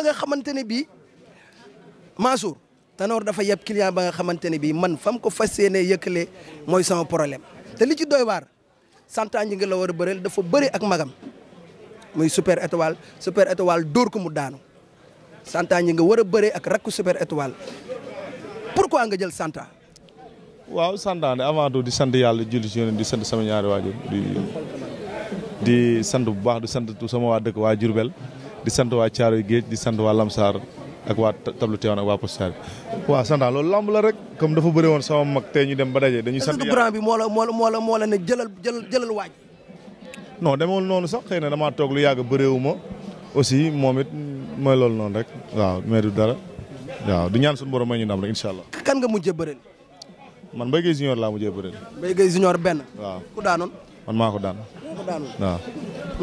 ba nga xamante ne bii Mansour Tanor dafa yeb client ba nga xamante ne bii man fam ko fas yéene yëkkalee mooy sama problème te li ci doy waar santaan ñi nga la war a bëreel dafa bëri ak magam muy super étoile super étoile dóor ko mu daanu santaan ñi nga war a bëree ak rakku super étoile pourquoi nga jël santa waaw santa ne avant tout di sant yàlla julli ci yonent di sant sama ñaari waajur di di sant bu baax di sant tout sama waa dëkk waa Jurbel di sant waa Caaroy Géej di sant waa Lamsaar ak waa tablu Tivaouane ak waa Poste waaw sant loolu lamb la rek comme dafa bëri woon sama mag tey ñu dem ba daje. dañuy sant yàlla bi moo la moo moo la moo la ne jëlal jëlal jëlal waaj. noonu sax xëy toog lu yàgg bëreewuma aussi moom it mooy loolu noonu rek. waaw mais du dara waaw du ñaan suñu borom may ñu ndam rek incha allah. kan nga mujjee bëreel. man Mbaye Guèye Junior laa mujjee bëreel. Mbaye Guèye Junior benn. waaw ku daanoon. man waaw.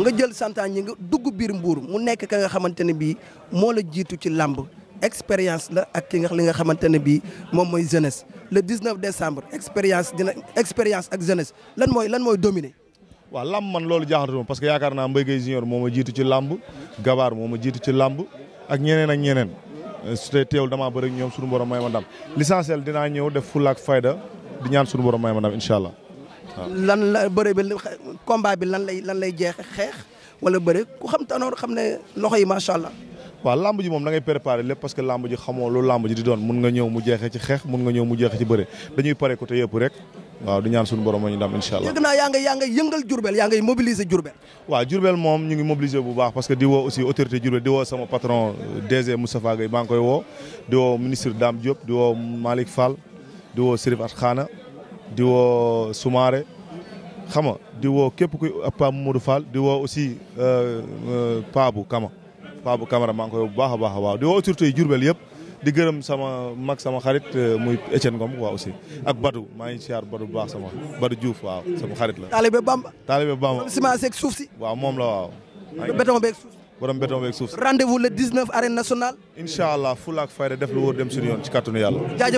nga jël santaan ñi nga dugg biir mbuur mu nekk ka nga xamante ne bii moo la jiitu ci làmb expérience la ak ki nga li nga xamante ne bii moom mooy jeunesse le 19 décembre expérience dina expérience ak jeunesse lan mooy lan mooy dominer. waaw làmb man loolu jaaxatuma parce que yaakaar naa Mbaye Gueye junior moo ma jiitu ci làmb Gabaar moo ma jiitu ci làmb ak ñeneen ak ñeneen su tey teewul damaa bëri ñoom suñu borom may ma ndam l'essentiel dinaa ñëw de fulla ak fayda di ñaan suñu borom may ma ndam incha allah. lan la bëre bi combat bi lan lay lan lay jeex xeex wala bëre ku xam tanoor xam ne loxo yi macha allah. waa lamb ji moom da ngay préparer lépp parce que lamb ji xamoo lu lamb ji di doon mun nga ñëw mu jeexee ci xeex mun nga ñëw mu jeexee ci bëre dañuy pare ko te yëpp rek waaw di ñaan suñu borom ma ñu dam incha allah. yëg naa yaa ngay yëngal Diourbel yaa ngay mobiliser Diourbel. waaw Diourbel moom ñu ngi mobiliser bu baax parce que di woo aussi autorité Diourbel di woo sama patron euh, DG Moustapha Gueye maa ngi koy woo di woo ministre Dame Diop di di woo Serif At xam di woo képp kuy euh, Pa Modou Fall di woo aussi euh, euh, Pa bu Kama Pa bu Kamara maa ngi koy bu baax a baax a di woo autorités yi Jurbel yëpp di gërëm sama mag sama xarit muy Etienne Ngom waa aussi ak Badou maa ngi siyaar Badou bu baax sama Badou Diouf waaw sama xarit la. Taalibe Bamba. Taalibe Bamba moom semence ak suuf si. waaw moom la waaw. béton beeg suuf borom béton beeg suuf si. rendez-vous le 19 arène nationale. incha allah fayda def lu wóor dem suñu yoon ci kàttanu yàlla.